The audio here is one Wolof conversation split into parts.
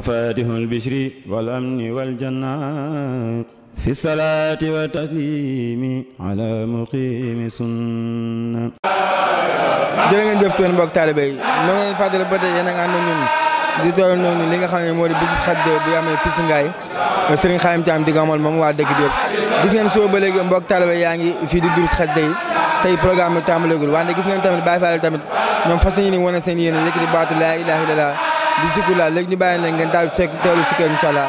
مفاتيح البشر والأمن والجنات في الصلاة والتسليم على مقيم سنة jërë ngeen jëf seen mbokk taalibe yi ñoo ngi leen fàttali ba tey yéen a ngi ànd ñun di toll noonu li nga xam ne moo di bisub xaj bi amee fii si Ngaye Serigne Khadim Thiam di ko amal moom waa dëkk bi yëpp gis ngeen suba ba léegi mbokk taalibe yaa ngi fii di durus xaj yi tey programme bi tàmbaleegul wante gis ngeen tamit Baye Fall tamit ñoom fas yéene wane seen yéene yëkkati baatu laa ilaaha illallaah di sikula léegi ñu bàyyi leen ngeen daal di sekk teewlu si kër incha allah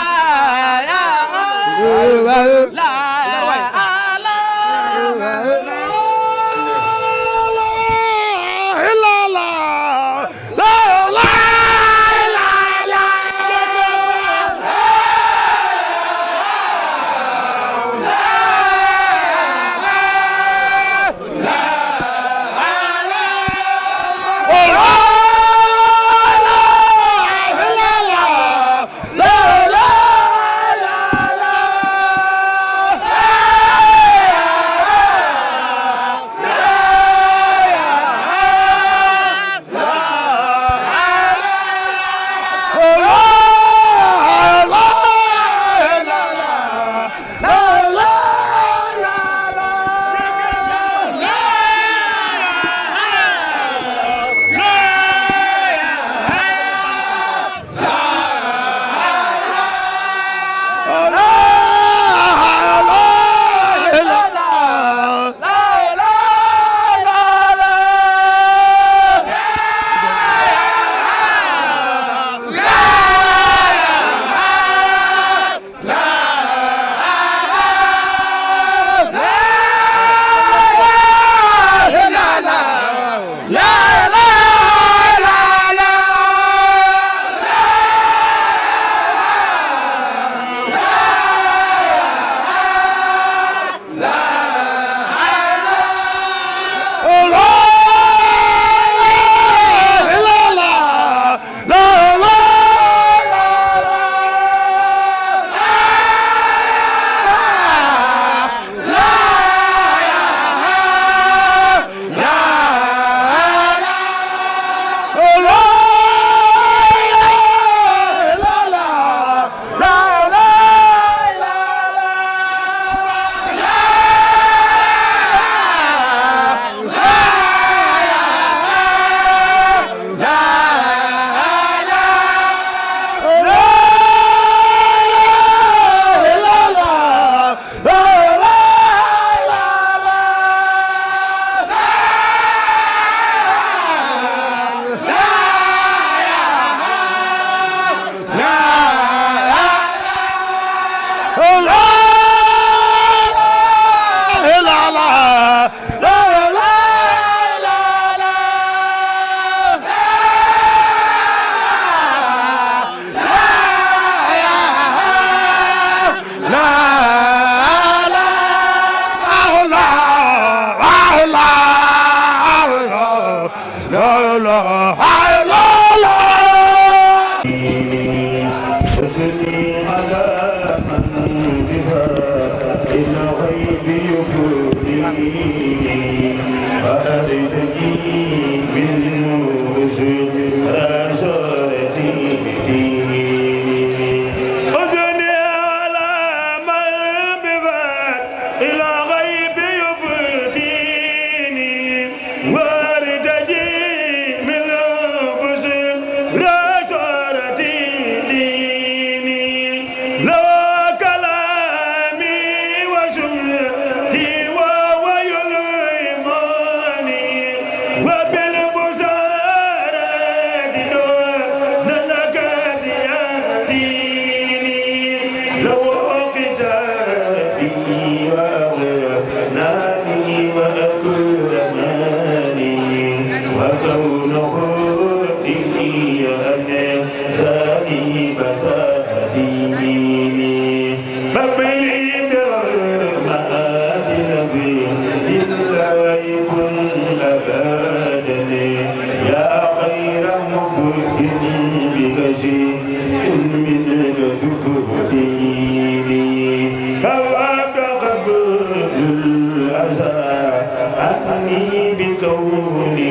بقولي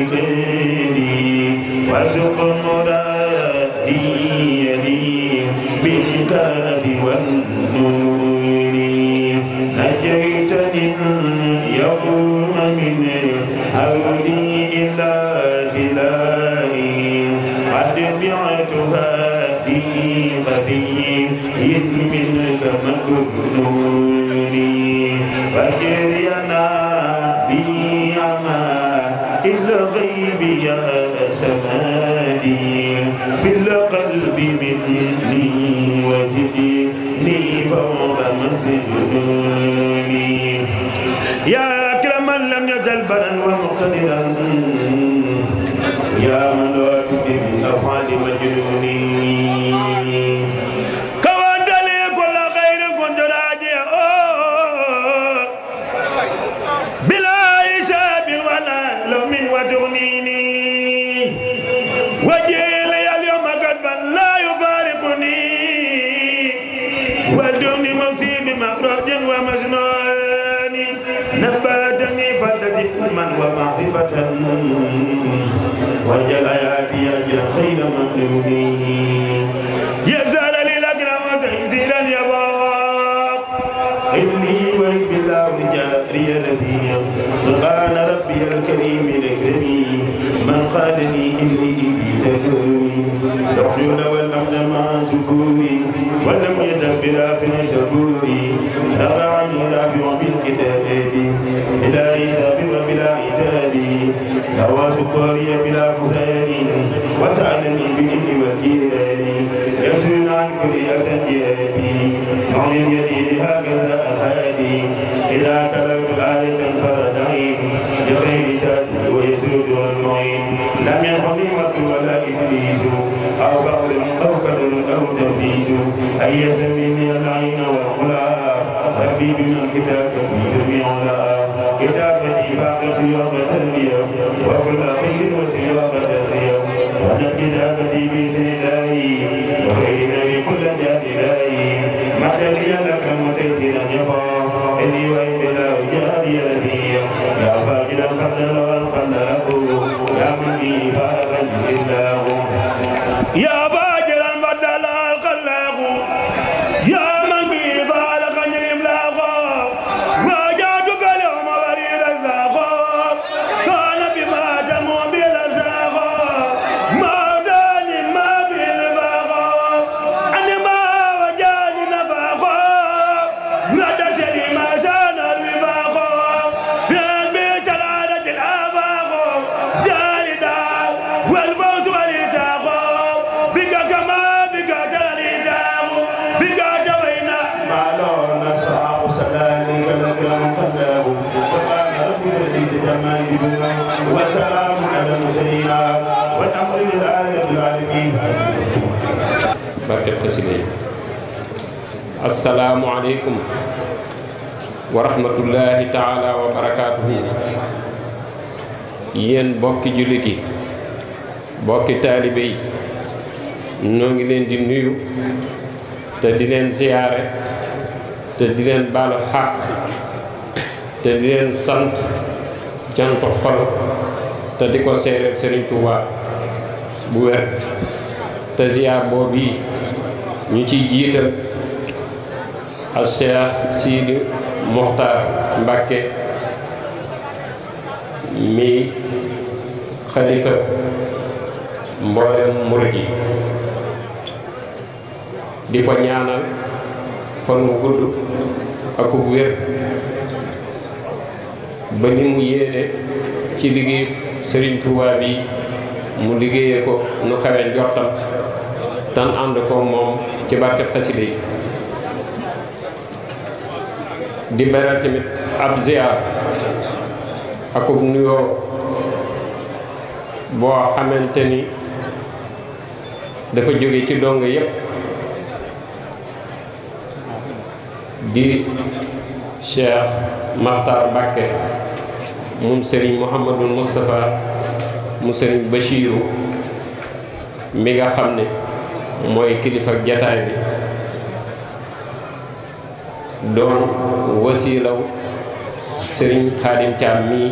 وارزقنا سمادي في القلب مني وزدني فوق مسجوني يا أكرم من لم يجل برا ومقتدرا يا من لا تدري أفعال مجنوني وجيلي اليوم قلبا لا يفارقني والدوني موتي بمخرج ومجنون نبادني فلتجد علما ومعرفة واجعل ياتي اجرا خير ممنون يا زال للاكرم تيسيرا يا باب اني ولي بالله جاري نبيا سبحان ربي الكريم الاكرمين من قال لي إني إبيتك العيون والأمن مع سكوني ولم يذهب بلا في شكوري نفع منافع بالكتاب بلا حساب وبلا عتاب هوى سكري بلا كفاية وسألني بالإذن والجيران يكشفون عن كل أسجياتي معلم يدي بهكذا أهادي إذا تلوت آية فرأى لم ينقضي مكر ولا إبليس أو قول أو كذب أو تبديد أن يسمي من العين والقلاب ربي بما كتابك جميع لا كتابك فاق سياقة اليوم وكل خير وسياقة اليوم وجد كتابتي بسلاي وبين بكل جاد لاي مدى لي لك متيسرا يقى إني وإن بلا جادي رفيع يا فاقد القدر والقلب يا wal amri lil alamin barke xasida wa barakaatuhu yéen bokki jullit yi bokki taalibe noo ngi leen di nuyu te di leen ziyaare te di leen baalu xàq te di leen sant jant xol te di ko seereel Sëriñ Tuubaa bu wér te boobu yi ñu ci jiital ak Cheikh Sidi Mokhtar Mbacke mi xalifa mboolem murid yi di ko ñaanal fan wu gudd ak ub wér ba ni mu yéene ci liggéey Serigne Touba bi mu liggéeye ko nu kawe njortam tan ànd ko moom ci barkeb xasida yi di beral tamit ab ziar akub nuyoo boo xamante ni dafa jóge ci dong yépp di Cheikh Makhtar Mbacké moom Serigne Mouhamadul Moustapha mu sëriñ Bachiru mi nga xam ne mooy kilifa jataay bi doon wasiilaw sëriñ Xaadim Caam mii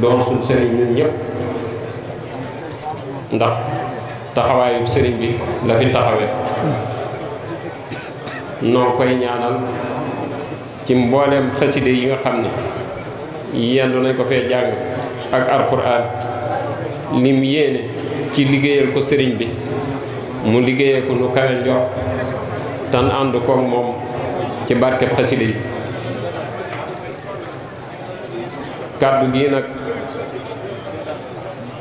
doon suñ sëriñ ñun ñëpp ndax taxawaayu sëriñ bi la fi taxawee noo koy ñaanal ci mbooleem xaside yi nga xam ni yenn yendu nañ ko fee jàng ak alquran lim yéene ci liggéeyal ko sëriñ bi mu liggéeyee ko lu kawe njort tan ànd koog moom ci barkeb xasida yi kàddu gi nag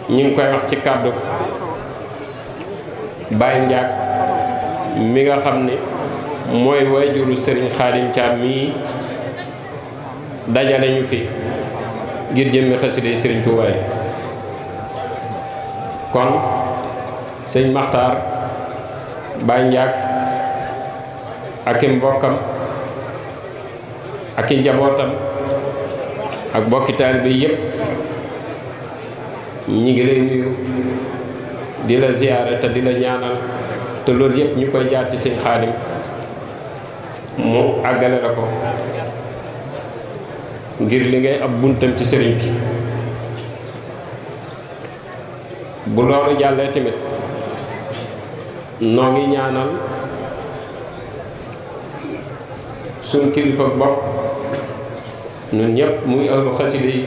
ñu ngi koy wax ci kàddu Baye Ndiak mi nga xam ni mooy wayjuru Serigne Khadim Thiam mii dajale ñu fi ngir jëmmi xasida yi sëriñ Tuubaa kon sëñ Maxtaar Baay Njaag ak i mbokkam ak i njabootam ak bokki taalibe yépp ñi ngi lay nuyu di la ziyaare te di la ñaanal te loolu yépp ñu koy jaar ci sëñ Xaadim mu àggale la ko ngir li ngay ab buntam ci sëriñ bi bu loolu jàllee tamit noo ngi ñaanal suñ kilifa bopp ñun ñëpp muy ahlu xasida yi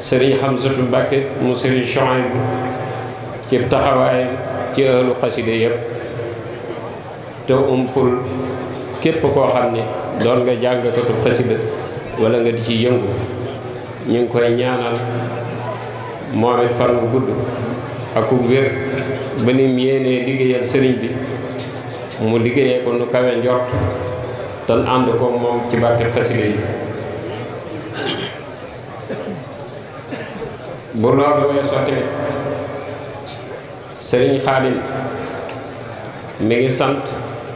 sëriñ Hamzatou Mbacké mu sëriñ Chouaib ci taxawaayam ci ahlu xasida yëpp te umpul képp koo xam ni doon nga jàngkatu xasida wala nga di ci yëngu ñu ngi koy ñaanal moom it fan wu gudd ak wér ba ni mu liggéeyal sëriñ bi mu liggéeyee ko nu kawe njort te ànd ko moom ci barke xasida yi bu loolu weesoo tamit sëriñ Xaadim mi ngi sant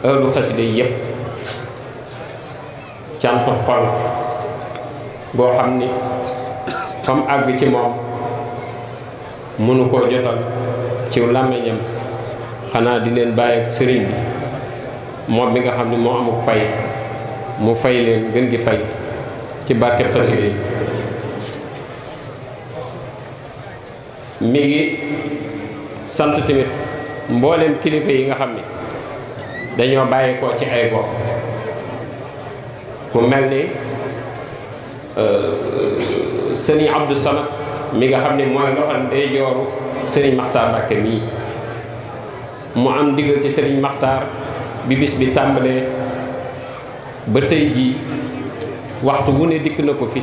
ëllu xasida yépp cant xol boo xam ni fa mu àgg ci moom mënu koo jotal ci làmmiñam xanaa di leen bàyyi ak sëriñ bi moom bi nga xam ni moo amuk pay mu fay leen gën gi pay ci barke xasida yi mi ngi sant tamit mboolem kilifa yi nga xam ni dañoo bàyyi ko ci ay gox ku mel ni Euh, sëriñ Abdou Samad mi nga xam ne mooy loxo day jooru maxtar Maxtaar mii mu am ndigal ci sëriñ Maxtaar bi bis bi tàmbalee ba tey jii waxtu wu ne dikk na ko fi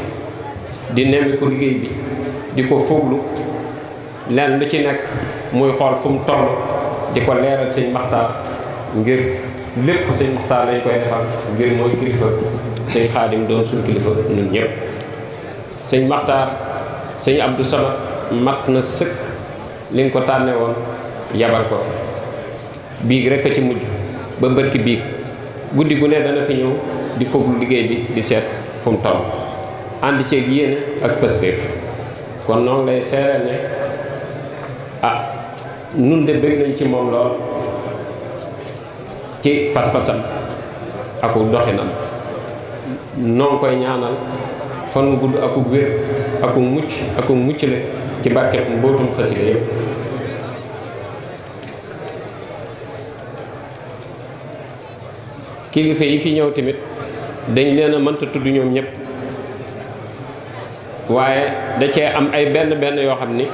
di nemmi ko liggéey bi di ko fooglu leen lu ci nekk muy xool fu mu toll di ko leeral sëñ Maxtaar ngir lépp sëñ Maxtaar lañ koy defal ngir mooy kilifa sëñ xaadim doon suñu kilifa ñun ñëpp sëñ maxtaar sëñ abdou samat mat na sëkk li nga ko tànne woon yabal ko fi biig rek a ci mujj ba bërki biig guddi gu ne dana fi ñëw di foglu liggéey bi di seet fu mu toll ànd ceeg yéene ak pëstéef kon noonu lay seereel ne ah nañ ci moom lool ci pas aku doxinam noo koy ñaanal fan mu gudd ak wér ak mucc ak mucc la ci barket mbootum xasida yëpp kilifa yi fi ñëw tamit dañ leen mënta tudd ñoom ñëpp waaye da cee am ay benn benn yoo xam ni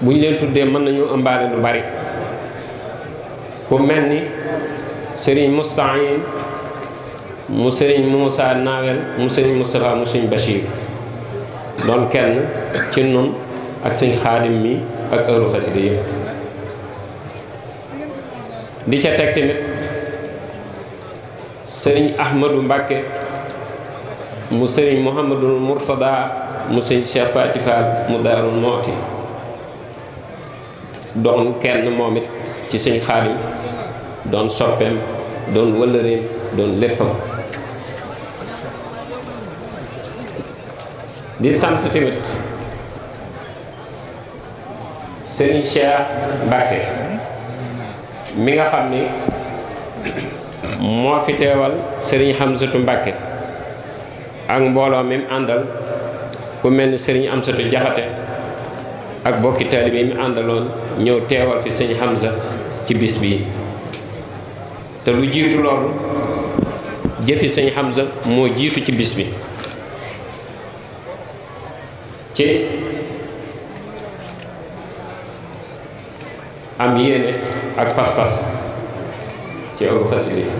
buñ leen tuddee mën nañu ëmbaale lu bari ku mel ni sëriñ Musta'in mu sëriñ Moussa Nawel mu sëriñ Moustapha mu sëriñ Bachir doon kenn ci nun ak sëñ xaadim mi ak heure xasida yëpp di ca teg tamit sëriñ Ahmadou Mbacke mu sëriñ Mouhamadou Mourtada mu sëñ Cheikh mu Daaru Mooti doon kenn moom ci sëñ xaadim doon soppeem doon wëllëreem doon léppam di sant tamit sëriñ Cheikh Mbacke mi nga xam ni moo fi teewal sëriñ Hamsatu Mbacke ak mbooloo mi mu àndal ku mel ni sëriñ Amsatu Jaxate ak bokki taalibe yi mu àndaloon ñëw teewal fi sëriñ Hamza ci bis bii te lu jiitu loolu jëfi sëriñ Hamza moo jiitu ci bis bi ci am yéene ak pas-pas ci ëru xasida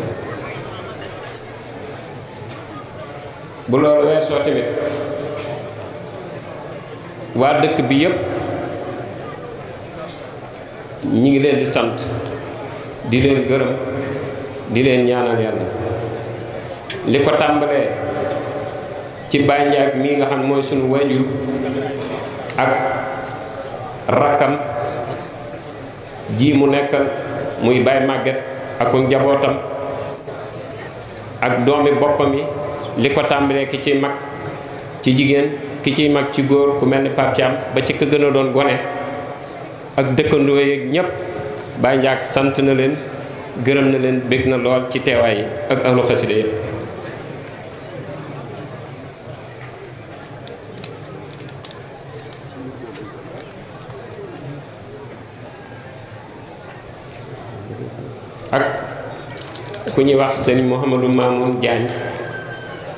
bu loolu weesoo tamit waa dëkk bi yépp ñu ngi leen di sant di leen gërëm di leen ñaanal yàlla li ko tàmbalee ci Baye Ndiaye mii nga xam mooy suñu wajur ak rakkam ji mu nekkal muy Baye màgget aku njabootam ak doomi boppam yi li ko tàmbalee ki ciy mag ci jigéen ki ciy mag ci góor ku mel ni Pape Thiam ba ci ka gën a doon wone ak dëkkandoo yeeg ñépp Baye Ndiaye sant na leen gërëm na leen bég na lool ci teewaay yi ak ahlu xasida yépp ku ñuy wax sëñ Mouhamadou Mamoun Diagne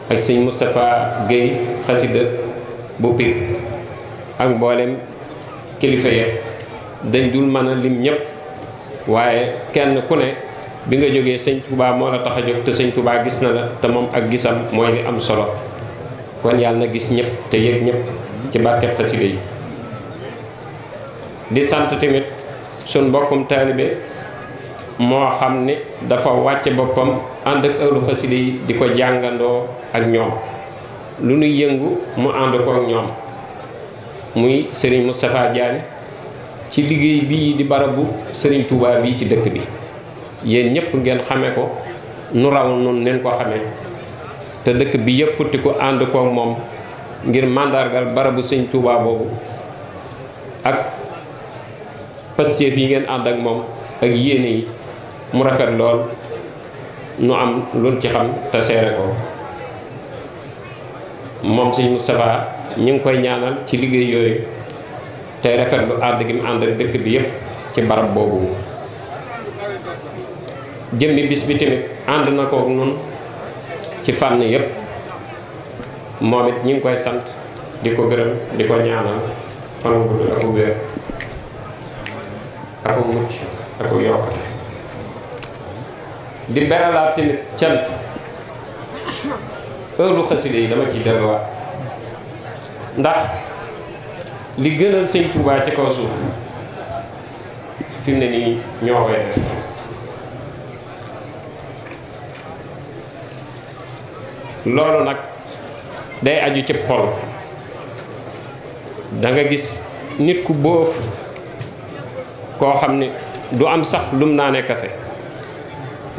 ak sëñ Moustapha Guèye xasida bu pir ak mboolem kilifa ya dañ dul mën a lim ñëpp waaye kenn ku ne bi nga jógee sëñ Touba moo la tax a jóg te sëñ Touba gis na la te moom ak gisam mooy li am solo kon yàlla na gis ñëpp te yëg ñëpp ci barkeb xasida yi di sant tamit sun mbokkum taalibe moo xam ne dafa wàcce boppam ànd ak ëllu yi di ko jàngandoo ak ñoom lu nu yëngu mu ànd ko ñoom muy sëriñ Moustapha Diagne ci liggéey bii di barabu sëriñ Touba yi ci dëkk bi yéen ñëpp ngeen xame ko nu raw noonu neen te dëkk bi yëpp futti ko ànd ko moom ngir màndargal barabu sëriñ Touba boobu ak pastéef yi ngeen ànd ak moom ak yéene yi mu rafet lool nu am luñ ci xam te seere ko moom sëñ Moustapha ñu ngi koy ñaanal ci liggéey yooyu te rafetlu ànd gi mu ànd ak dëkk bi yépp ci barab boobu jëmmi bis bi tamit ànd na kook nun ci fànn yépp moom it ñu ngi koy sant di ko gërëm di ko ñaanal fan gudd ak wér ak mucc ak yokkute di beralaat tamit cant heure xaside yi dama ciy delluwaat ndax li gënal sëñ Tuubaa ci kaw suuf fi mu ne nii ñoo koy def loolu nag day aju ci xol danga gis nit ku boof koo xam ne du am sax lum naane kafe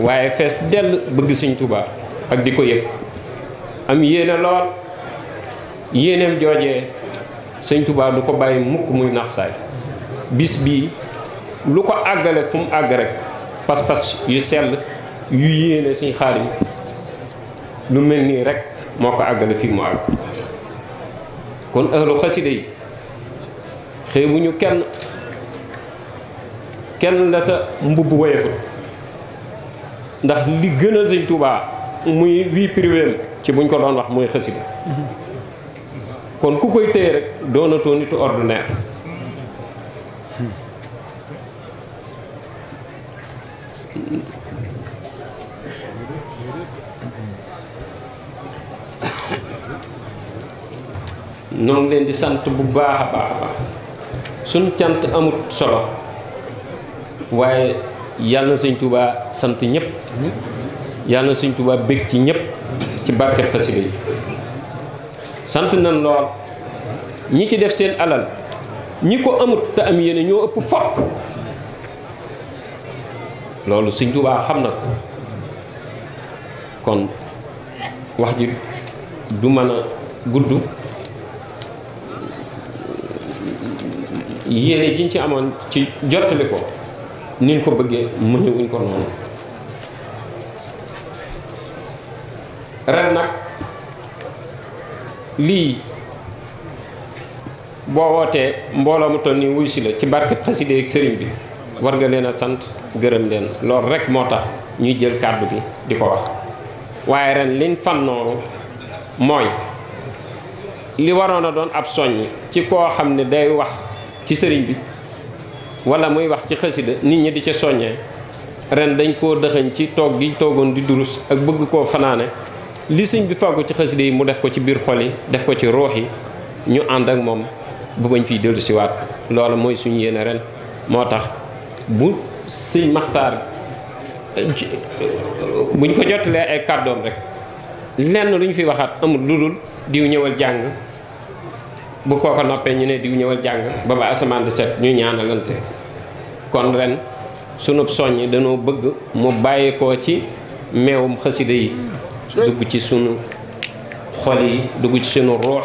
waaye fees dell bëgg sëñ Tuubaa ak di ko yëg am yéene lool yéeneem joojee sëñ Tuubaa du ko bàyyi mukk muy naxsaay bis bii lu ko àggale fu mu àgg rek pas-pas yu sell yu yéene xaar yi lu mel nii rek moo ko àggale fii mu àgg kon ahlu xasida yi xëy ñu kenn kenn la sa mbubb woyefut ndax li gën a sëñ Touba muy vie privée ci buñ ko doon wax mooy xasida kon ku koy téye rek doonatoo nitu ordinaire noo ngi leen di sant bu baax a baax a baax suñ cant amut solo waaye yàlla na sëñ sant ñëpp yàlla na sëñ Touba ci ñëpp ci barkeb xasida yi sant nañ lool ñi ci def seen alal ñi ko amut te am yéene ñoo ëpp fopp loolu sëñ Touba xam na ko kon wax ji du mën a gudd yéene jiñ ci amoon ci jottali ko niñ ko bëggee mënewuñ ko noonu ren nag lii boo wootee mbooloo mu toll ni wuy si la ci barke xaside ak sëriñ bi war nga leen a sant gërëm leen lool rekk moo tax ñuy jël kàddu bi di ko wax waaye ren liñ fan noonu mooy li waroon a doon ab soññ ci koo xam ne day wax ci sëriñ bi wala muy wax ci xasida nit ñi di ca soññee ren dañ koo dëxëñ ci toog gi toogoon di durus ak bëgg koo fanaane li siñ bi fàggu ci xasida yi mu def ko ci biir xol yi def ko ci ruux yi ñu ànd ak moom bu bañ fiy dellu siwaat loola mooy suñu yéene ren moo tax bu sëñ maxtaar buñ ko jottalee ay kàddoom rek lenn lu ñu fi waxaat amul lu dul diw ñëwal jàng bu kooko noppee ñu ne diw ñëwal jàng ba ba asamaan di set ñu ñaanalante kon ren sunub soññ dañoo bëgg mu bàyyi ko ci meewum xasida yi dugg ci sunu xol yi dugg ci sunu ruux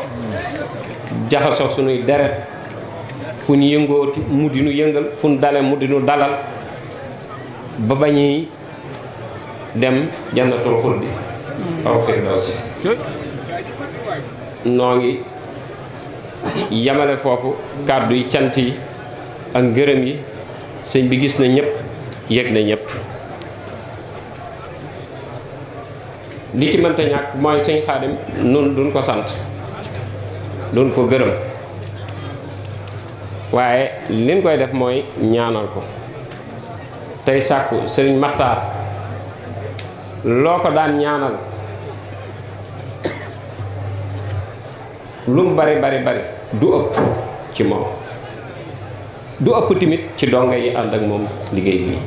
jaxasoo sunuy deret fu ñu yëngooti mu di nu yëngal fu ñu dale mu di dalal ba bañuy dem jannatul xuldi aw firdaws noo ngi yamale foofu kàddu yi cant yi ak ngërëm yi sëñ bi gis na ñëpp yëg na ñëpp li ci mënta ñàkk mooy sëñ xaadim nun duñ ko sant duñ ko gërëm waaye li koy def mooy ñaanal ko tey sàkku sëriñ maxtaar loo ko daan ñaanal lu mu bari bari bari du ëpp ci moom du ëpp timit ci dongo yi ànd ak moom liggéey bi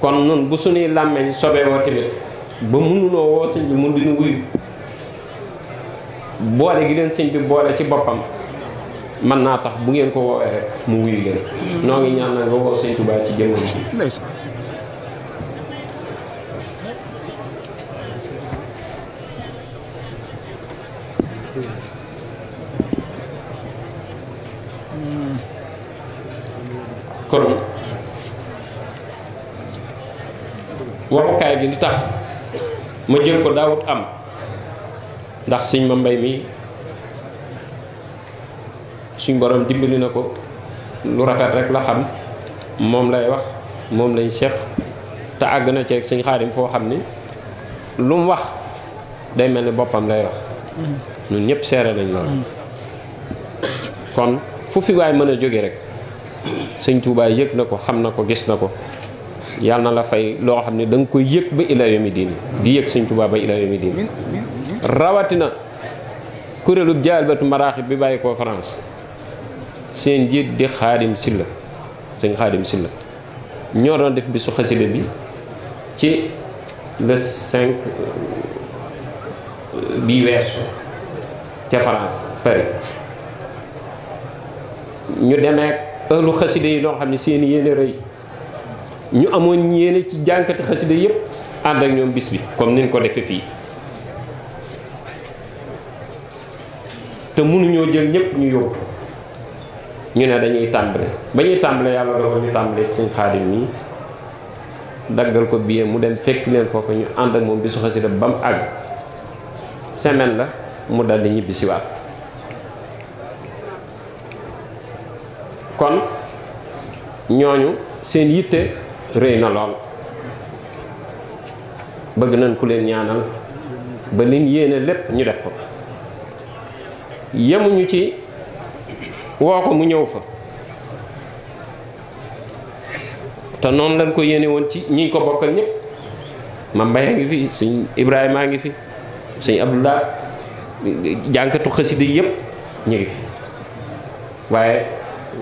kon nun bu suñuy làmmeñ sobee woo ba mënunoo woo sëñ bi mun di wuyu boole gi leen sëñ bi boole ci boppam mën naa tax bu ngeen ko woo rek mu wuyu leen mm-hmm. noo ngi ñaan na nga woo sëñ Tuubaa ci jëmmam bi gi li tax ma jël ko daawut am ndax sëñ ma mbay mi suñ boroom dimbali na ko lu rafet rek la xam moom lay wax moom lay seq te àgg na ci ak sëñ xaadim foo xam ni lu mu wax day mel ni boppam lay wax ñun ñëpp seere nañ loolu kon fu fi waay mën a jóge rek sëñ Tuubaa yëg na ko xam na ko gis na ko yàlla na la fay loo xam ne da nga koy yëg ba ilaa yawmi diin di yëg sëñ Tuubaa ba ilaa yawmi rawatina kuréelu jaalbatu maraaxib bi bàyyi koo France seen jiit di xaadim silla sëñ xaadim silla ñoo doon def bisu xasida bi ci le cinq euh, bi weesu ca France Paris ñu demee lu xasida yi loo xam ne seen yéene rëy ñu amoon yéene ci jànkati xasida yëpp ànd ak ñoom bis bi comme ni ñu ko defee fii te mënuñoo jël ñépp ñu yóbbu ñu ne dañuy tàmbale ba ñuy tàmbale yàlla dogal ñu tàmbale ci suñ xaadim daggal ko billet mu dem fekk leen foofa ñu ànd ak moom bisu xasida ba mu àgg semaine la mu daldi ñibbisiwaat kon ñooñu seen yitte réy na lool bëgg nañ ku leen ñaanal ba liñ yéene lépp ñu def ko yemuñu ci woo ko mu ñëw fa te noonu lañ ko yéene woon ci ñi ko bokkal ñëpp ma mbay ngi fi suñ Ibrahima maa ngi fi sëñ Abdullah jànkatu xasida yépp ñu ngi fi waaye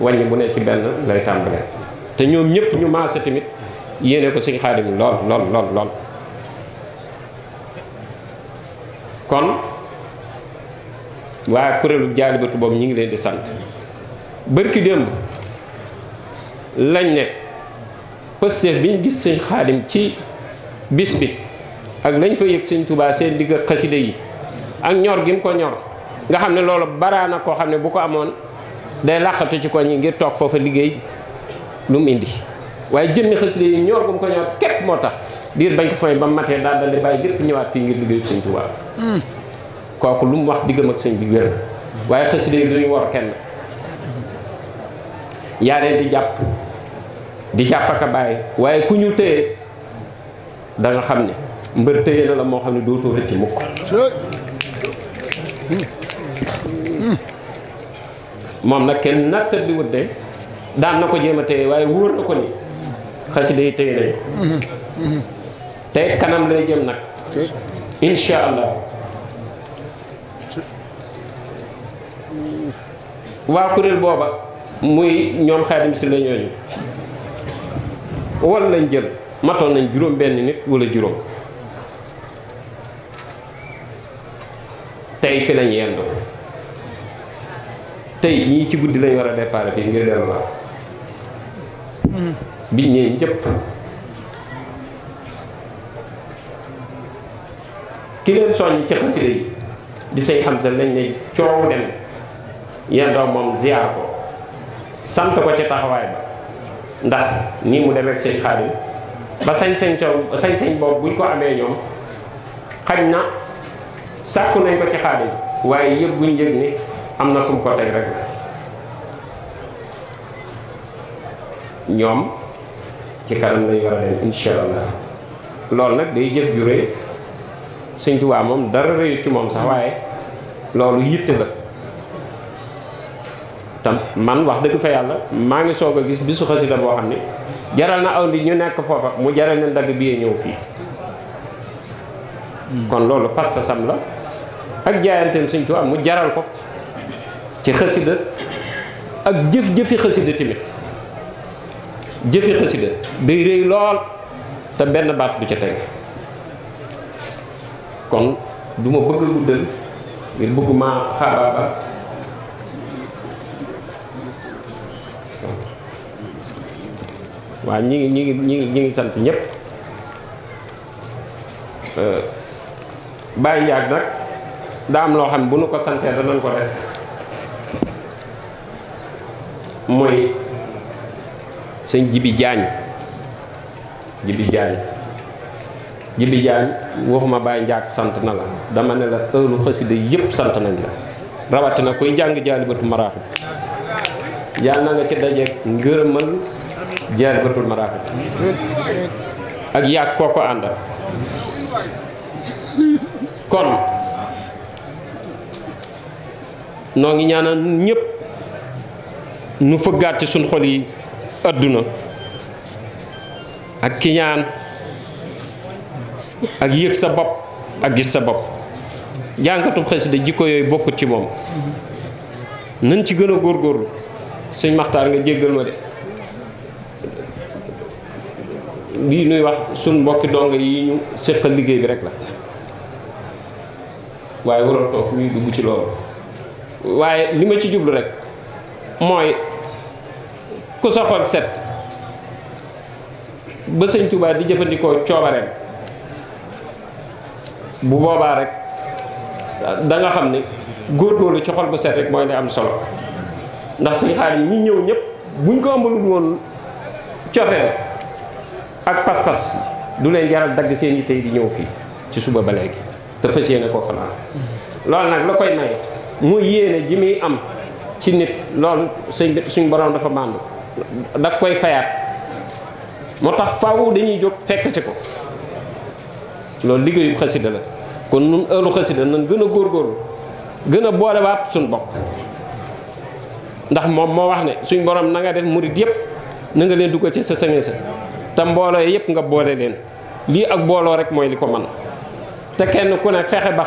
wàññi bu ne ci benn lay tàmbalee te ñoom ñëpp ñu maase tamit. yéene ko sëñ xaadim lool lool lool lool kon waa kuréelu jaalibatu boobu ñu ngi leen di sant bërki démb lañ ne pësteef bi ñu gis sëñ xaadim ci bis ak lañ fa yëg sëñ tubaa seen digg ak xasida yi ak ñor gi mu ko ñor nga xam ne loolu baraana koo xam ne bu ko amoon day làqatu ci ko ñi ngir toog foofa liggéey lu mu indi waaye jëmmi xasida yi ñor bu mu ko ñor képp moo tax diir bañ ko fooy ba matee daal dal di bàyyi gépp ñëwaat fii ngir liggéeyu sëñ Tuubaa hmm. kooku lu mu wax diggam ak sëñ bi wér waaye xasida yi wor kenn yaa di jàpp jàpp ak waaye ku ñu téye da xam ne mbër téye na la moo ne dootoo rëcc moom nag kenn nattat bi daan na ko jéem a téye waaye wóor na ko ni xasida yi téye nañ tey kanam lay jëm nag insha allah waa kuréel booba muy ñoom xaadim si la ñooñu lañ jël matoon nañ juróom benn nit walla juróom tey fi lañ yendu tey ñii ci guddi lañ war a départ fii ngir delluwaat biñ ñee ñëpp ki leen soññ ci xasida yi di say Hamza lañ ne coow dem yendoo moom ziar ko sant ko ci taxawaay ba ndax nii mu demee ak seen ba sañ-sañ sañ-sañ buñ ko amee ñoom xañ na sàkku nañ ko ci xaadim waaye yëpp buñ yëg ni am na fu mu ko teg rek la ñoom kanam lañu war a dem incha loolu nag day jëf ju rëy sëñ Tuubaa moom dara rëyut ci moom sax waaye loolu yitte la tam man wax dëgg fa yàlla maa ngi soog a gis bisu xasida boo xam ne jaral na aw nit ñu nekk foofa mu jaral na dagg bi ñëw fii hmm. kon loolu pas-pasam la ak jaayanteem sëñ Tuubaa mu jaral ko ci xasida ak jëf-jëfi xasida tamit jëfe xasida day réy lool te benn baat bu ca teg kon duma bëgg a guddal ngir bëgguma xaabaabal waaw ñi ngi ñi ngi ñi ngi ñi ngi sant ñëpp euh, bàyyi njaag nag daa am loo xam ne bu nu ko santee danañ ko def mooy sëñ Jibi Jaañ Jibi Jaañ Jibi Jaañ waxuma bàyyi njaag sant na la dama ne la ëllu xasida yépp sant nañ la rawatina kuy jàng jaalibatu maraaxib yàlla na nga ci dajeek ngërëmal jaalibatul maraaxib ak yàgg kooko àndal kon noo ngi ñaanal ñëpp nu fëggaat ci suñ xol yi adduna ak kiñaan ak yëg sa bopp ak gis sa bopp xes xasida jikko yooyu bokkut ci moom nañ ci gën a góor góorgóorlu sëñ maxtaar nga jéggal ma de lii nuy wax suñ mbokki dong yi ñu séqal liggéey bi rek la waaye waral toog ñuy dugg ci loolu waaye li ma ci jublu rek mooy ku sa xol set ba sëñ Tuubaa di jëfandikoo coobareem bu boobaa rek danga nga xam ne góorgóorlu ci xol bu set rek mooy ne am solo ndax suñ xaar yi ñi ñëw ñëpp buñ ko ambalul woon cofeel ak pas-pas du leen jaral dagg seen yi tey di ñëw fii ci suba ba léegi te fas yéene koo fanaan loolu nag la koy maye mu yéene ji muy am ci nit loolu sëñ suñ borom dafa màndu da koy fayaat moo tax faaw dañuy jóg fekk si ko loolu liggéeyu xasida la kon nun ëllu xasida nan gën a góor góorgóorlu gën a boolewaat suñ bopp ndax moom moo wax ne suñ borom na nga def murit yëpp na nga leen duggal ci sa sëñ sa te mbooloo yëpp nga boole leen lii ak mbooloo rek mooy li ko mën te kenn ku ne fexe ba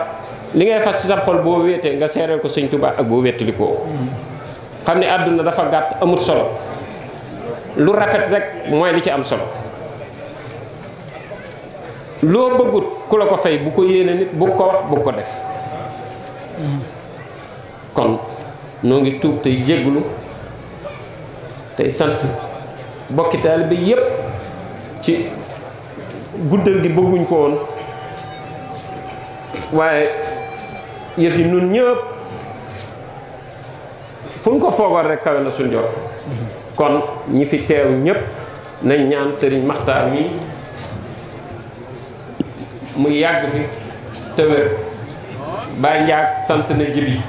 li ngay fas ci sa xol boo wéetee nga seereel ko sëñ Tuubaa ak boo wettalikoo xam ne àdduna dafa gàtt amut solo lu rafet rek mooy li ci am solo loo bëggut ku la ko fay bu ko yéene nit bu ko wax bu ko def kon noo ngi tuub tey jégglu tey sant bokkitaal bi yépp ci guddal gi bëgguñ ko woon waaye yëf yi nun ñëpp fu ñu ko foogoon rek kawe na suñ kon ñi fi teew ñépp nañ ñaan sëriñ maxtaar mi mu yàgg fi te wér Baye sant na jibi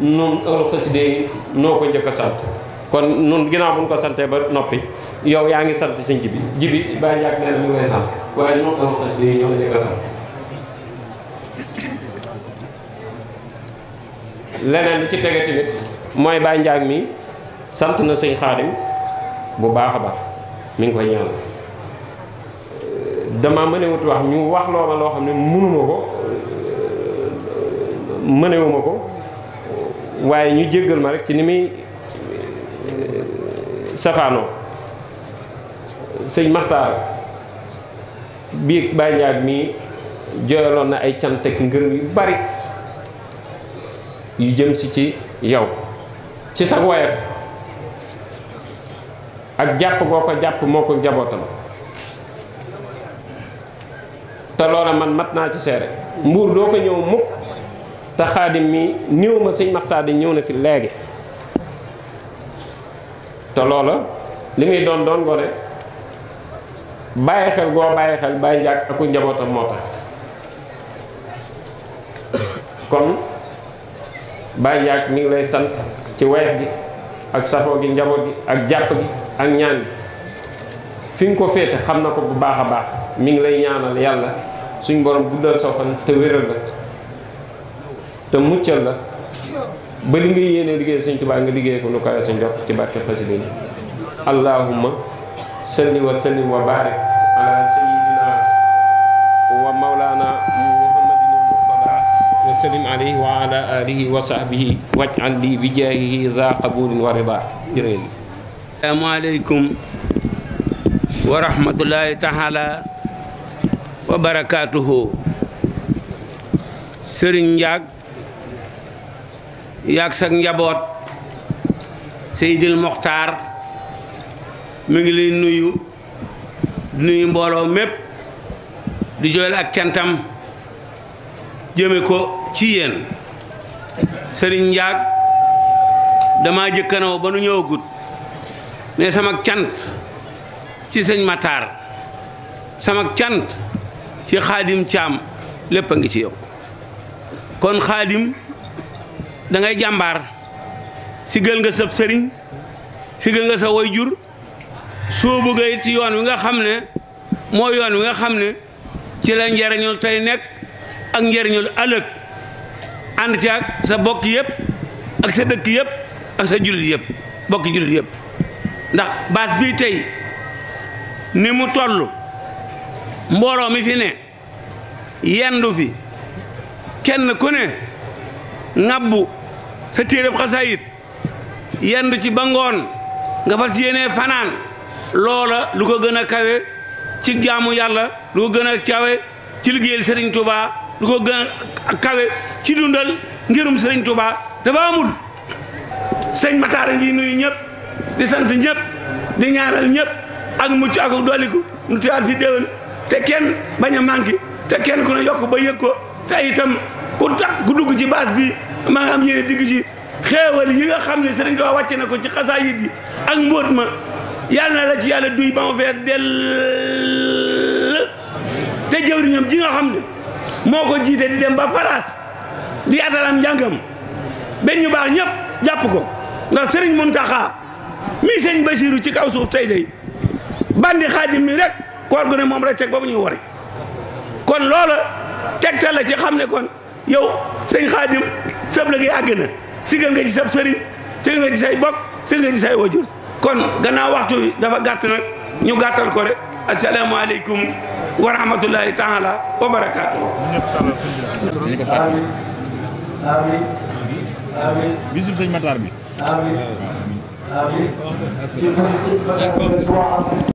nun heure xasida yi noo ko njëkk a sant kon nun ginnaaw bu ko santee ba noppi yow yaa ngi sant sëñ jibi jibi Baye Ndiaye nee na ñu ngay sant waaye nun heure xasida yi ñoo ko njëkk sant leneen li ci tege tamit mooy Baye Ndiaye mi sant na sëñ xaadim bu baax a baax mi ngi koy ñaanal euh, dama mënewut wax ñu wax loo xam ne mënuma ko euh, mënewuma ko waaye ñu jéggal ma rekk ci ni muy euh, safaanoo sëñ maxtaar biig Baye mi mii jooyaloon na ay cant ak ngërëm yu bari yu jëm si ci yow ci sax woyof ak jàpp goo ko jàpp moo ko njabootam te loola man mat naa ci seere mbuur doo fa ñëw mukk te xaadim mi néew ma sëñ maxtaar di ñëw na fi léegi te loola li muy doon doon gone bàyyi xel goo bàyyi xel bàyyi njaag aku njabootam moo tax kon bàyyi njaag mi ngi lay sant ci weex gi ak safoo gi njaboot gi ak jàpp gi ak ñaan fi nga ko féete xam na ko bu baax a baax mi ngi lay ñaanal yàlla suñ borom bu sa fan te wéral la te muccal la ba li nga yéene liggéey Sëñ Tuubaa nga liggéey ko lu kawe sa njort ci barke xasida yi allahumma salli wa sallim wa barik ala sayyidina wa mawlana muhammadin mustafa wa sallim alayhi wa ala alihi wa sahbihi waj'al li bi jaahihi za qabulin wa rida jërëjëf asalaamaaleykum wa rahmatullahi taala wa barakaatuhu sëriñ njaag yaag sa njaboot Seydil Moxtaar mi ngi lay nuyu nuyu mbooloo mépp di jooyal ak cantam jëme ko ci yéen sëriñ njaag dama jëkkanaw ba nu ñëwagut mais sama cant ci sëñ mataar sama cant ci xaadim caam lépp a ngi ci yow kon xaadim da ngay si sigal nga sab sëriñ sigal nga sa woy jur soo bëggee ci yoon wi nga xam ne moo yoon wi nga xam ne ci la njariñul tey nekk ak njariñul ëllëg ànd ci ak sa bokk yëpp ak sa dëkk yëpp ak sa jullit yëpp bokki jullit yëpp ndax baas bii tey ni mu tollu mbooloo mi fi ne yendu fi kenn ku ne ŋabbu sa téeréb yendu ci bangoon ngoon nga fas yéenee fanaan loola lu ko gën a kawe ci jaamu yàlla lu ko gën a kawe ci liggéeyal Serigne Touba lu ko gën a kawe ci dundal ngirum Serigne Touba dafa amul sëñ Mataara ngi nuyu ñëpp. di sant ñëpp di ñaanal ñëpp ak mucc ak doliku nu tuyaat fi déwén te kenn bañ a manqué te kenn ku ne yokk ba yëg ko te itam ku tax ku dugg ci baas bi maa yéene digg ci xéewal yi nga xam ne sëriñ doo wàcce na ko ci xasaayit yi ak mbóot ma yàlla na la ci yàlla duy ba ma fee dell te jëwriñam ji nga xam ne moo ko jiite di dem ba faraas di atalam njàngam benn ñu baax ñëpp jàpp ko ndax sëriñ Muntaxa mii sëñ Basiiru ci kaw suuf tey day bandi xaadim mi rek koor gu ne moom rek teg ba bu ñuy wari kon loola tegtal la ci xam ne kon yow sëñ xaadim sab la ngay àgg na sigal nga ci sab sëriñ sigal nga ci say bokk sigal nga ci say wajur kon gannaaw waxtu wi dafa gàtt nag ñu gàttal ko rek asalaamaaleykum wa rahmatullahi la wa barakaatu. amiin amiin amiin bisu bi. Amin.